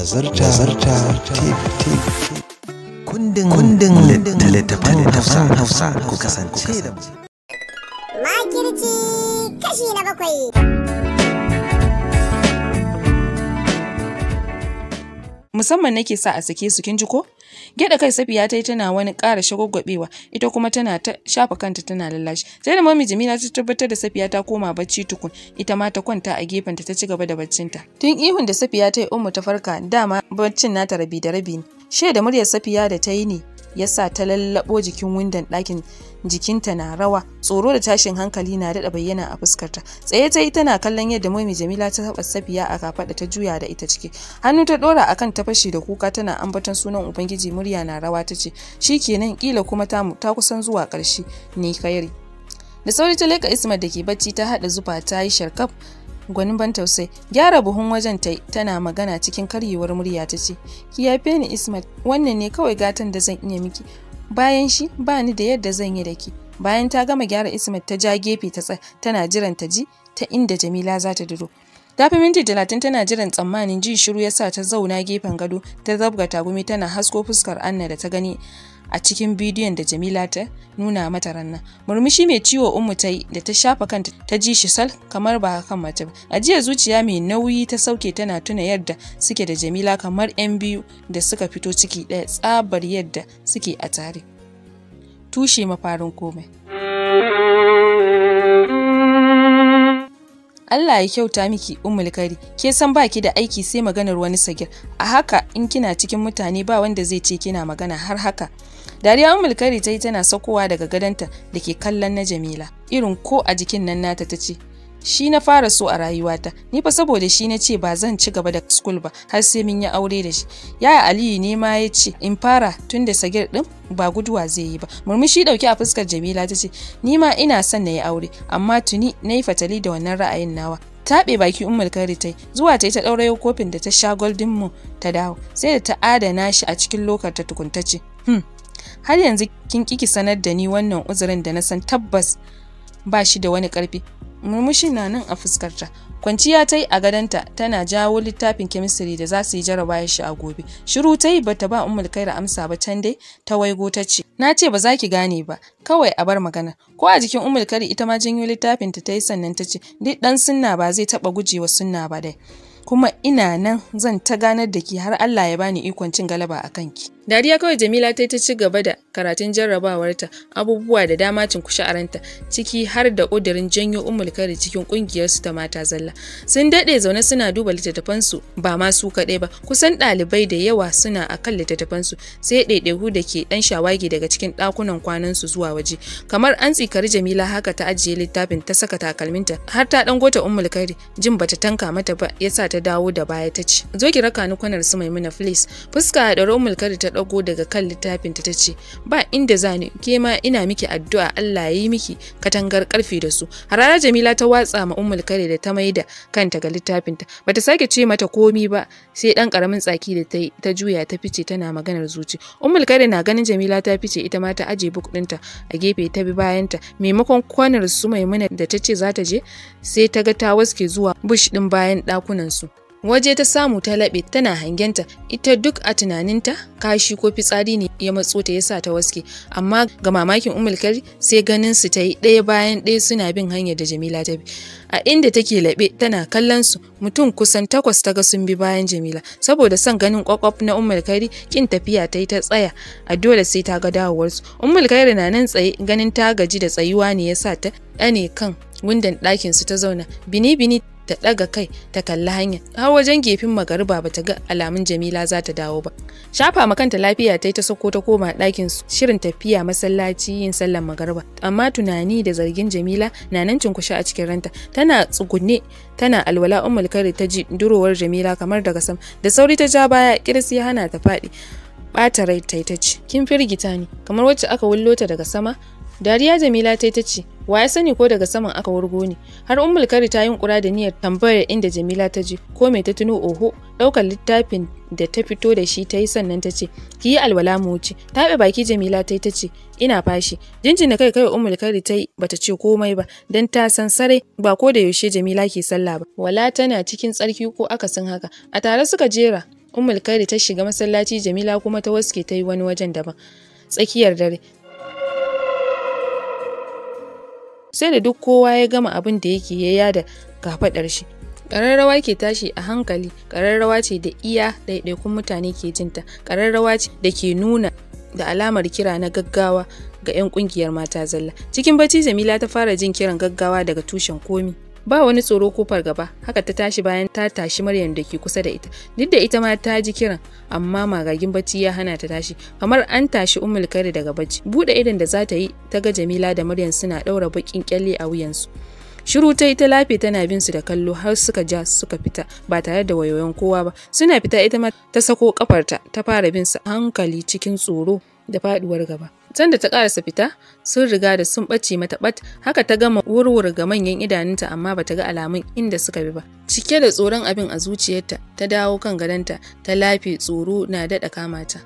nazarta zarta kundin kundin littattafan hausa hausa ku kasance da mu makirci kashi na bakwai musamman nake sa a sake su kin ji ko gyaɗa kai safiya ta yi tana wani ƙara shagwaggwabewa ita kuma tana ta shafa kanta tana lallashi sai da mami jimila ta tabbatar da safiya ta koma bacci tukun ita ma ta kwanta a gefenta ta ci gaba da baccinta tun ihun da safiya ta yi ummu ta farka dama baccin nata rabi da rabi ne she da muryar safiya da ta yi ne ya sa ta lallaɓo jikin windon ɗakin jikinta na rawa tsoro da tashin hankali na daɗa bayyana a fuskarta tsaye ta yi tana kallon yadda mai jamila ta taɓa safiya a kafaɗa ta juya da ita ciki hannu ta ɗora akan ta fashi da kuka tana ambaton sunan ubangiji murya na rawa ta ce Shi kenan kila kuma ta ta kusan zuwa ƙarshe ni kayari da sauri ta leka isma da ke bacci ta haɗa zuba ta yi sharkaf gwanin ban tausai gyara buhun wajen ta tana magana cikin karyewar murya ta ce ki yafe ni ismat wannan ne kawai gatan da zan iya miki bayan shi ba ni da yadda zan yi da ki bayan ta gama gyara ismat ta ja gefe ta tana jiran ta ji ta inda jamila za ta duro ta minti talatin tana jiran tsammanin ji shiru ya sa ta zauna gefen gado ta zabga tagumi tana hasko fuskar anna da ta gani a cikin bidiyon da Jamila ta nuna mata rannan. Murmushi mai ciwo Ummu ta yi da ta shafa kanta ta ji shi sal kamar ba kan mace ba. a jiya zuciya mai nauyi ta sauke tana tuna yadda suke da Jamila kamar 'yan biyu da suka fito ciki ɗaya tsabar yadda suke a tare. Tushe mafarin komai. Allah ya kyauta miki umul kari ke san baki da aiki sai maganar wani sagir a haka in kina cikin mutane ba wanda zai ce kina magana har haka dariya ummul ta yi tana sakowa daga gadonta da ke kallon na jamila irin ko a jikin nan nata ta ce shi na fara so a rayuwata ni fa saboda shi na ce ba zan ci gaba da school ba har sai mun yi aure da shi yaya aliyu ne ma ya ce in fara tun da sagir din ba guduwa zai yi ba murmushi dauke a fuskar jamila ta ce ni ma ina son na yi aure amma tuni na yi fatali da wannan ra'ayin nawa taɓe baki ummul kari yi zuwa ta yi ta ɗaurayo kofin da ta sha golden mu ta dawo sai da ta adana shi a cikin lokar ta tukuntace hmm har yanzu kin kiki sanar da ni wannan uzurin da na san tabbas ba shi da wani karfi murmushi na nan a fuskarta kwanciya ta yi a gadonta tana jawo littafin kemistiri da za su yi jaraba ya shi a gobe shiru ta yi bata ba kai da amsa ba can dai ta waigo ta ce na ce ba za ki gane ba kawai a bar magana ko a jikin umar ita ma jinyo littafin ta yi sannan ta ce duk dan sunna ba zai taba gujewa sunna ba dai kuma ina nan zan ta ganar da ki har Allah ya bani ikon cin galaba a kanki Dariya kawai Jamila ta ta ci gaba da karatun jarrabawarta abubuwa da dama cinkushe a ranta ciki har da ƙudurin janyo Ummul Kari cikin ƙungiyarsu ta mata zalla. Sun daɗe zaune suna duba littattafansu ba ma su kaɗai ba kusan ɗalibai da yawa suna a kan littattafansu sai ɗaiɗaihu da ke ɗan shawagi daga cikin ɗakunan kwanansu zuwa waje kamar an tsikari Jamila haka ta ajiye littafin ta saka takalminta har ta ɗan gota Ummul Kari jin bata tanka mata ba ya sa ta dawo da baya ta ce zo ki raka ni kwanar su Maimuna filis. fuska ɗaure Ummul Kari ta ɗago daga kan littafinta ta ce ba inda zani ke ma ina miki addu'a Allah ya yi miki katangar karfi da su harara Jamila ta watsa ma Ummul Kare da ta maida kanta ga littafinta bata sake ce mata komi ba sai dan karamin tsaki da ta juya ta fice tana maganar zuci Ummul Kare na ganin Jamila ta fice ita ma ta aje book ɗinta a gefe ta bi bayanta maimakon kwanar su Maimuna da ta ce za ta je sai ta ga ta waske zuwa bush ɗin bayan ɗakunan su waje ta samu ta laɓe tana hangenta ita duk a tunaninta kashi ko fitsari ne ya matso ta yasa ta waske amma ga mamakin umul sai ganin su ta yi ɗaya bayan ɗaya suna bin hanyar da jamila ta bi a inda take laɓe tana kallon su mutum kusan takwas ta ga sun bi bayan jamila saboda son ganin kwakwaf na umul kari kin tafiya ta yi ta tsaya a dole sai ta ga dawowarsu umul kari na nan tsaye ganin ta gaji da tsayuwa ne yasa ta ɗane kan wundan ɗakin su ta zauna bini bini ta ɗaga kai ta kalli hanya har wajen gefin magariba ba ta ga alamun jamila za ta dawo ba shafa ma kanta lafiya ta yi ta sako ta koma ɗakin shirin tafiya masallaci yin sallar magariba amma tunani da zargin jamila na nan cinkushe a cikin ranta tana tsugunne tana alwala ummul kare ta ji durowar jamila kamar daga sam da sauri ta ja baya ya hana ta faɗi ɓata rai ta ce kin firgita ne. kamar wacce aka wullo daga sama dariya jamila ta yi ta ce wa ya sani ko daga saman aka wargo ne har ummul kari ta kura da niyyar tambayar inda jamila ta je ko mai ta tuno oho Ɗaukar littafin da ta fito da shi ta yi sannan ta ce ki yi alwala mu wuce taɓe baki jamila ta yi ta ce ina fashi Jinjin da kai kai ummul kari ta yi bata ce komai ba dan ta san sarai ba ko da yaushe jamila ke sallah ba wala tana cikin tsarki ko aka akasin haka a tare suka jera ummul kari ta shiga masallaci jamila kuma ta waske ta yi wani wajen daban tsakiyar dare sai da duk kowa ya gama abin da yake ya yada kafaɗar shi ƙararrawa ke tashi a hankali ƙararrawa ce da iya ɗaiɗaikun mutane ke jinta ƙararrawa ce da ke nuna da alamar kira na gaggawa ga 'yan ƙungiyar mata zalla cikin bacci jamila ta fara jin kiran gaggawa daga tushen komi ba wani tsoro ko fargaba haka ta tashi bayan ta tashi maryam da ke kusa da ita duk da ita ma ta ji kiran amma magagin bacci ya hana ta tashi kamar an tashi ummul kare daga bacci bude idan da za ta yi ta ga jamila da maryam suna daura bakin kyalle a wuyansu shiru ta yi ta lafe tana bin su da kallo har suka ja suka fita ba tare da wayoyin kowa ba suna fita ita ma ta sako kafarta ta fara bin su hankali cikin tsoro da faduwar gaba Tanda da ta ƙarasa fita, sun riga da sun ɓace mata ɓat, haka ta gama wurwur ga manyan idanunta amma bata ga alamun inda suka bi ba. Cike da tsoron abin a zuciyarta, ta dawo kan gadonta, ta lafe tsoro na daɗa kama ta.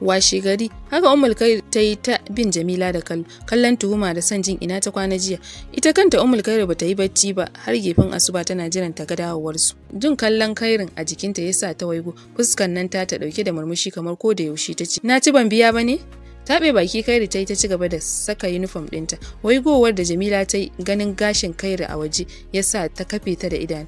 Washe gari, haka umul kai ta yi ta bin Jamila da kallo, kallon tuhuma da son jin ina ta kwana jiya. Ita kanta Ummul Kair bata yi bacci ba har gefen asuba tana jiran ta ga dawowarsu. Jin kallon Kairin a jikinta yasa ta waigo, fuskan nan ta ta dauke da murmushi kamar ko da yaushe ta ce, "Na ci ban biya ba ne?" taɓe baki kairi ta yi ta ci gaba da saka yunifom ɗinta wai gowar da jamila ta yi ganin gashin kairi a waje ya sa ta kafe ta da idanu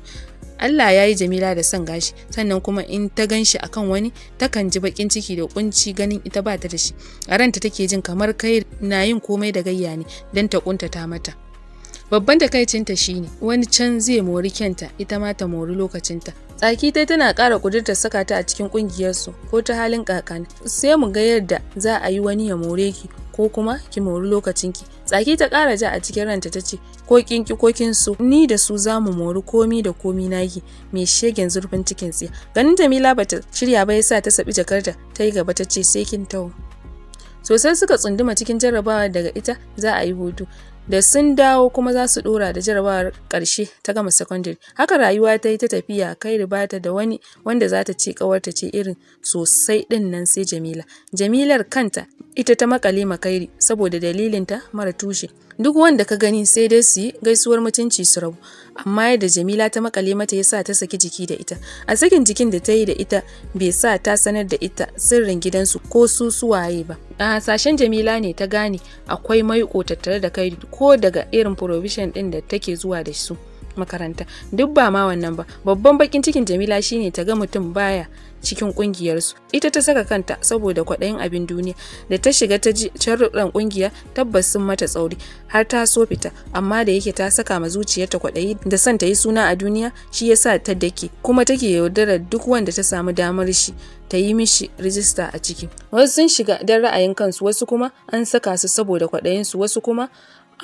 Allah ya yi jamila da son gashi sannan kuma in ta gan shi akan wani takan ji bakin ciki da kunci ganin ita ba ta da shi a ranta take jin kamar kai na yin komai da gayya ne don ta kuntata mata babban takaicinta shine wani can zai mori kyanta ita ma ta mori lokacinta tsaki tai tana kara ƙudurta saka ta a cikin ƙungiyarsu ko ta halin kakan sai mu ga yadda za a yi wani ya more ki ko kuma ki mori lokacin ki tsaki ta kara ja a cikin ranta ta ce ko kinki ko kinsu ni da su za mu mori komi da komi naki mai shegen zurfin cikin tsiya ganin jamila bata shirya ba yasa ta sabi jakarta ta yi gaba ta ce sai kin tawo sosai suka tsunduma cikin jarrabawa daga ita za a yi hutu da sun dawo kuma za su dora da jarabawar ƙarshe ta gama secondary haka rayuwa ta yi ta tafiya kai ribata da wani wanda za ta ce ƙawarta ce irin sosai ɗin nan sai jamila jamilar kanta ita ta makale makairi saboda dalilinta mara tushe duk wanda ka gani sai dai su yi gaisuwar mutunci su rabu amma yadda jamila ta makale mata ya sa ta saki jiki da ita a sakin jikin da ta yi da ita bai sa ta sanar da ita sirrin gidansu ko su suwaye ba a hasashen jamila ne ta gane akwai maiko tattare da kai ko daga irin provision din da take zuwa da su makaranta duk ba ma wannan ba babban bakin cikin jamila shine ta ga mutum baya cikin kungiyarsu ita ta saka kanta saboda kwaɗayin abin duniya da ta shiga ta ji sharuɗan kungiya tabbas sun mata tsauri har ta so fita amma da yake ta saka ma zuciyarta kwaɗayi da son ta yi suna a duniya shi yasa ta dake kuma take yaudarar duk wanda ta samu damar shi ta yi mishi rijista a ciki wasu sun shiga don ra'ayin kansu wasu kuma an saka su saboda kwaɗayinsu wasu kuma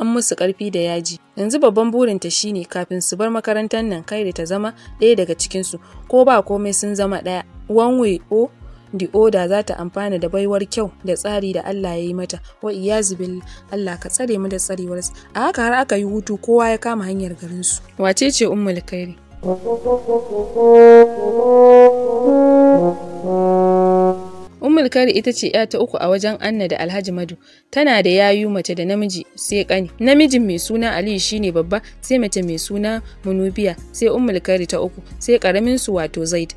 an musu karfi da yaji yanzu babban burinta shine kafin su bar makarantar nan kairi ta zama ɗaya daga cikinsu ko ba komai sun zama ɗaya one way o the order za ta amfana da baiwar kyau da tsari da Allah ya yi mata wa iyazu Allah ka tsare mu da tsarewarsa a haka har aka yi hutu kowa ya kama hanyar garinsu wace ce ummul kairi Umar Kari ita ce ‘ya ta uku a wajen Anna da Alhaji Madu, tana da yayu mace da namiji sai ƙani. Namijin mai suna Aliyu shine babba, sai mace mai suna Munubiya, sai Ummul Kari ta uku, sai ƙaramin su wato Zaid.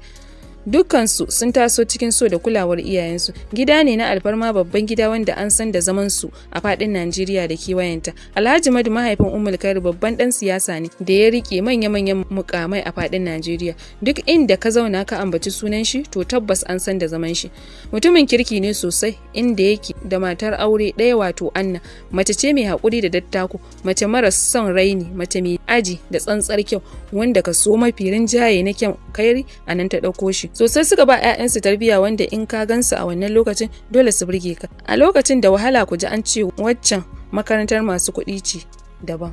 dukkansu sun taso cikin so da kulawar iyayensu gida ne na alfarma babban gida wanda an san da zaman su a fadin najeriya da kewayenta alhaji madu mahaifin umul babban dan siyasa ne da ya rike manya-manyan mukamai a fadin najeriya duk inda ka zauna ka ambaci sunan shi to tabbas an san da zaman shi mutumin kirki ne sosai inda yake da matar aure ɗaya wato anna mace ce mai hakuri da dattako mace mara son raini mace mai aji da tsantsar kyau wanda ka so mafi rinjaye na kyan kairi a nan ta ɗauko shi sosai suka ba 'ya'yansu tarbiyya wanda in ka gansu a wannan lokacin dole su burge ka a lokacin da wahala ku ji an ce waccan makarantar masu kuɗi ce daban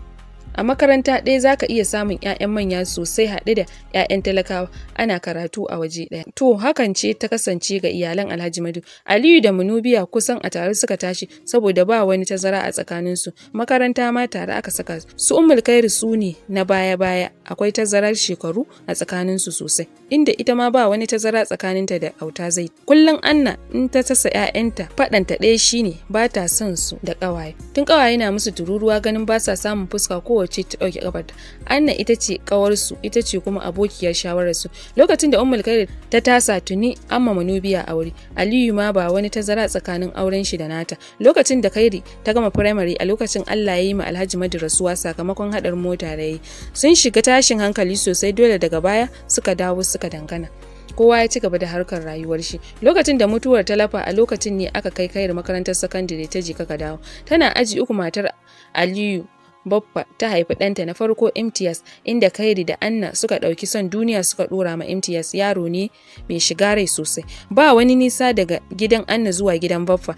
a makaranta ɗaya za ka iya samun 'ya'yan manya sosai haɗe da 'ya'yan talakawa ana karatu a waje ɗaya to hakan ce ta kasance ga iyalan alhaji madu aliyu da munubiya kusan a tare suka tashi saboda ba wani tazara a tsakaninsu makaranta ma tare aka saka su ummul kairu su ne na baya baya akwai tazarar shekaru a tsakaninsu sosai inda ita ma ba wani tazara tsakaninta da auta zai kullum anna in ta tasa 'ya'yanta faɗanta ɗaya shine ba ta son su da ƙawaye tun ƙawaye na musu tururuwa ganin ba sa samun fuska kowace ce ta ɗauki ƙafarta anna ita ce ƙawarsu ita ce kuma abokiyar shawararsu lokacin da ummul kadir ta tasa tuni amma manubiya wuri aliyu ma ba wani tazara tsakanin auren shi da nata lokacin da kairi ta gama firamare a lokacin allah ya yi ma alhaji madu rasuwa sakamakon haɗar mota da ya yi sun shiga tashin hankali sosai dole daga baya suka dawo suka dangana kowa ya ci gaba da harkar rayuwar shi lokacin da mutuwar ta lafa a lokacin ne aka kai kayar makarantar sakandare ta jika ka dawo tana aji uku matar aliyu Baffa ta haifi ɗanta na farko mts inda Kairi da Anna suka ɗauki son duniya suka ɗora ma mts yaro ne mai shiga rai sosai. Ba wani nisa daga gidan Anna zuwa gidan Baffa.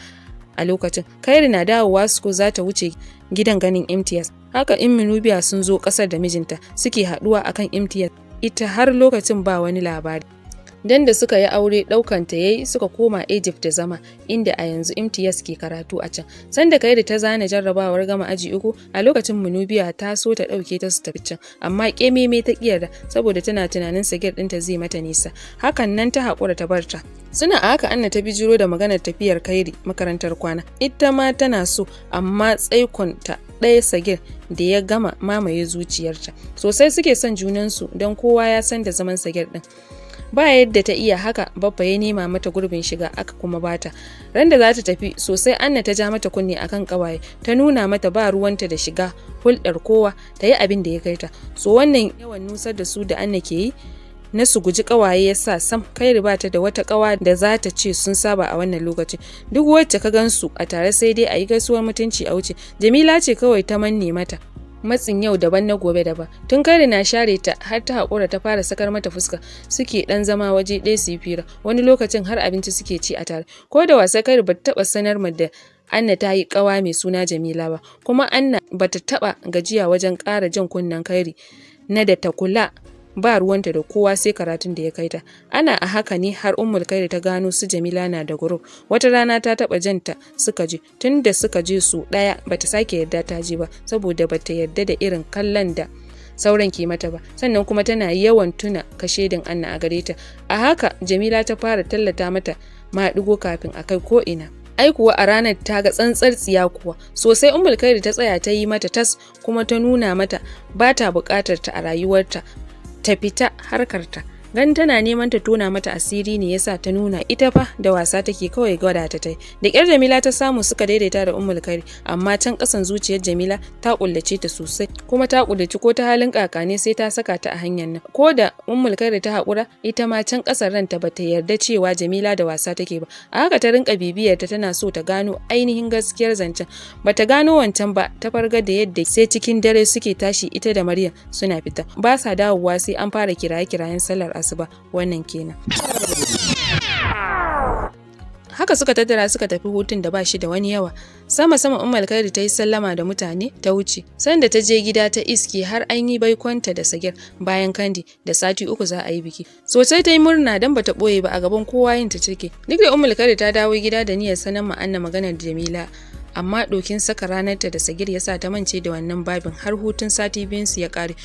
a lokacin kairi na dawowa suko za ta wuce gidan ganin mts haka in minubiya sun zo ƙasar da mijinta suke haɗuwa akan mts ita har lokacin ba wani labari Dan da suka yi aure ɗaukanta ya yi suka koma Egypt da zama inda a yanzu MTS ke karatu a can. Sanda kai da ta zana jarrabawar gama aji uku a lokacin Munubiya ta so ta ɗauke ta su tafi can amma ƙememe ta ƙiyarda saboda tana tunanin sigir ɗinta zai mata nisa. Hakan nan ta haƙura ta barta. Suna a haka Anna ta bijiro da maganar tafiyar Kairi makarantar kwana. Ita ma tana so amma tsaikonta ɗaya sagir da ya gama mamaye zuciyarta. Sosai suke son junansu don kowa ya san da zaman sagir ɗin. ba yadda ta iya haka babba ya nema mata gurbin shiga aka kuma bata Randa da za ta tafi sosai anna ta ja mata kunne akan kawaye ta nuna mata ba ruwanta da shiga hulɗar kowa ta yi abin da ya kai ta so wannan yawan nusar da su da anna ke yi na su guji kawaye ya sa sam kai ribata da wata kawa da za ta ce sun saba a wannan lokacin duk wacce ka gansu a tare sai dai a yi gaisuwar mutunci a wuce jamila ce kawai ta manne mata matsin yau daban na gobe daban tun kare na share ta har ta haƙura ta fara sakar mata fuska suke ɗan zama waje ɗaya su fira wani lokacin har abinci suke ci a tare ko da wasa kare ba taɓa sanar ma da Anna ta yi ƙawa mai suna Jamila ba kuma Anna bata taɓa gajiya wajen ƙara jan kunnen kairi na da ta kula ba ruwanta da kowa sai karatun da ya kai ta ana a haka ne har ummul kai ta gano su jamila na da guru wata rana ta taba janta suka je tunda suka je su daya bata sake yarda ta je ba saboda bata yarda da irin kallon da sauran ke mata ba sannan kuma tana yawan tuna kashedin anna a gare ta a haka jamila ta fara tallata mata maɗigo kafin a kai ko ina ai kuwa a ranar ta ga tsantsar tsiya kuwa sosai ummul kai ta tsaya ta yi mata tas kuma ta nuna mata ba ta buƙatar ta a rayuwarta ta fita harkarta gan tana neman ta tona mata asiri ne yasa ta nuna ita fa da wasa take kawai gwada ta tai da kyar jamila ta samu suka daidaita da ummul kari amma can kasan zuciyar jamila ta kullace ta sosai kuma ta kullace ko ta halin ne sai ta saka ta a hanyar nan ko da ummul kari ta haƙura ita ma can ƙasar ranta ba ta yarda cewa jamila da wasa take ba a haka ta rinka bibiyar ta tana so ta gano ainihin gaskiyar zancen ba ta gano wancan ba ta farga da yadda sai cikin dare suke tashi ita da maryam suna fita ba sa dawowa sai an fara kiraye-kirayen sallar asuba wannan kenan haka suka tattara suka tafi hutun da ba shi da wani yawa sama sama umar kairi ta yi sallama da mutane ta wuce sanda ta je gida ta iski har an yi baikonta da sagir bayan kandi da sati uku za a yi biki sosai ta yi murna dan ta ɓoye ba a gaban kowa yin ta cike duk da umar kairi ta dawo gida da niyyar sanar ma maganar jamila amma dokin saka ranarta da sagir ya sa ta mance da wannan babin har hutun sati su ya kare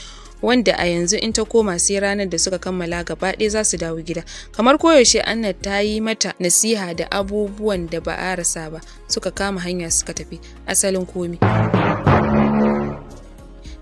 wanda a yanzu in ta koma sai ranar da suka kammala gaba ɗaya za su dawo gida kamar koyaushe anna ta yi mata nasiha da abubuwan da ba a rasa ba suka kama hanya suka tafi asalin komi.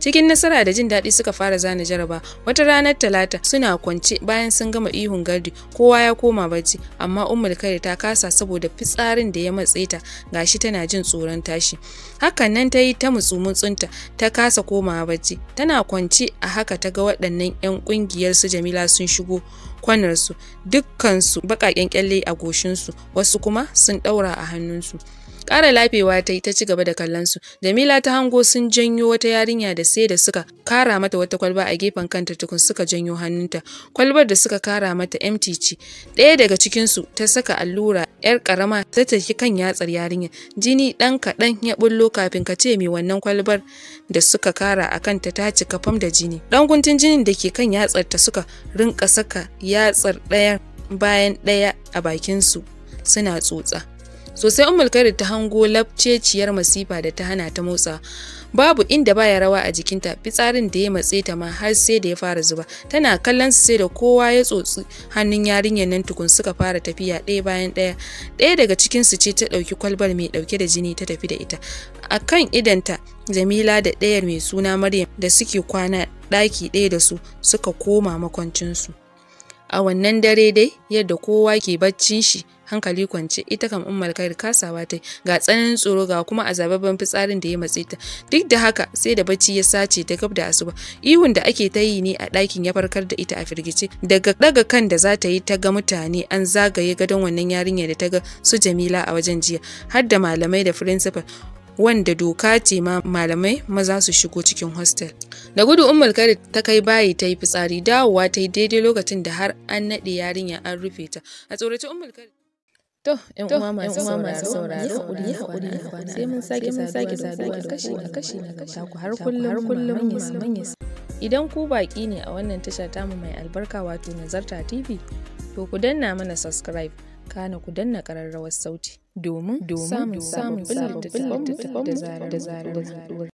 cikin nasara da jin daɗi suka fara zana jaraba wata ranar talata suna kwance bayan sun gama ihun gardi kowa ya koma bacci amma ummul kare ta kasa saboda fitsarin da ya matse ta gashi tana jin tsoron tashi hakan nan ta yi ta mutsumutsunta ta kasa koma bacci tana kwance a haka ta ga waɗannan 'yan ƙungiyar su jamila sun shigo kwanarsu dukkansu baƙaƙen kyalle a goshinsu wasu kuma sun ɗaura a hannunsu kara lafewa ta yi ta ci gaba da kallon su. Jamila ta hango sun janyo wata yarinya da sai da suka kara mata wata kwalba a gefen kanta tukun suka janyo hannunta. Kwalbar da suka kara mata MT ce. Ɗaya daga cikin su ta saka allura yar karama ta tafi kan yatsar yarinya. Jini ɗan kaɗan ya bullo kafin ka ce mai wannan kwalbar da suka kara a kanta ta cika fam da jini. Ɗan guntun jinin da ke kan yatsar ta suka rinka saka yatsar ɗaya bayan ɗaya a bakin su suna tsotsa. sosai ummul kairi ta hango labceciyar masifa da ta hana ta motsa babu inda baya rawa a jikinta fitsarin da ya matse ta ma har sai da ya fara zuba tana kallon su sai da kowa ya tsotsi hannun yarinyar nan tukun suka fara tafiya ɗaya bayan ɗaya ɗaya daga cikin su ce ta ɗauki kwalbar mai ɗauke da jini ta tafi da ita a kan idanta Jamila da ɗayar mai suna Maryam da suke kwana ɗaki ɗaya da su suka koma makwancinsu a wannan dare dai yadda kowa ke baccin shi hankali kwance ita kam ummul kair kasawa tai ga tsananin tsoro ga kuma azababban fitsarin da ya matse ta duk da haka sai da bacci ya sace ta gab da asuba ihun da ake ta yi ne a ɗakin ya farkar da ita a firgice daga ɗaga kan da za ta yi ta ga mutane an zagaye gadon wannan yarinya da ta ga su Jamila a wajen jiya har da malamai da principal wanda doka ce ma malamai maza su shigo cikin hostel. Da gudu Ummul kare ta kai bayi ta yi fitsari dawowa ta yi daidai lokacin da har an naɗe yarinya an rufe ta. A tsoraci Ummul kare To, ‘yan uwa masu sauraro, haƙuri sai mun sake sake saduwa da kashi na kashi na kashi ku har kullum har kullum Idan ku baƙi ne a wannan tasha tamu mai albarka wato Nazarta TV, to ku danna mana subscribe, kana ku danna ƙararrawar sauti domin samun samun sababbin littattafan da zarar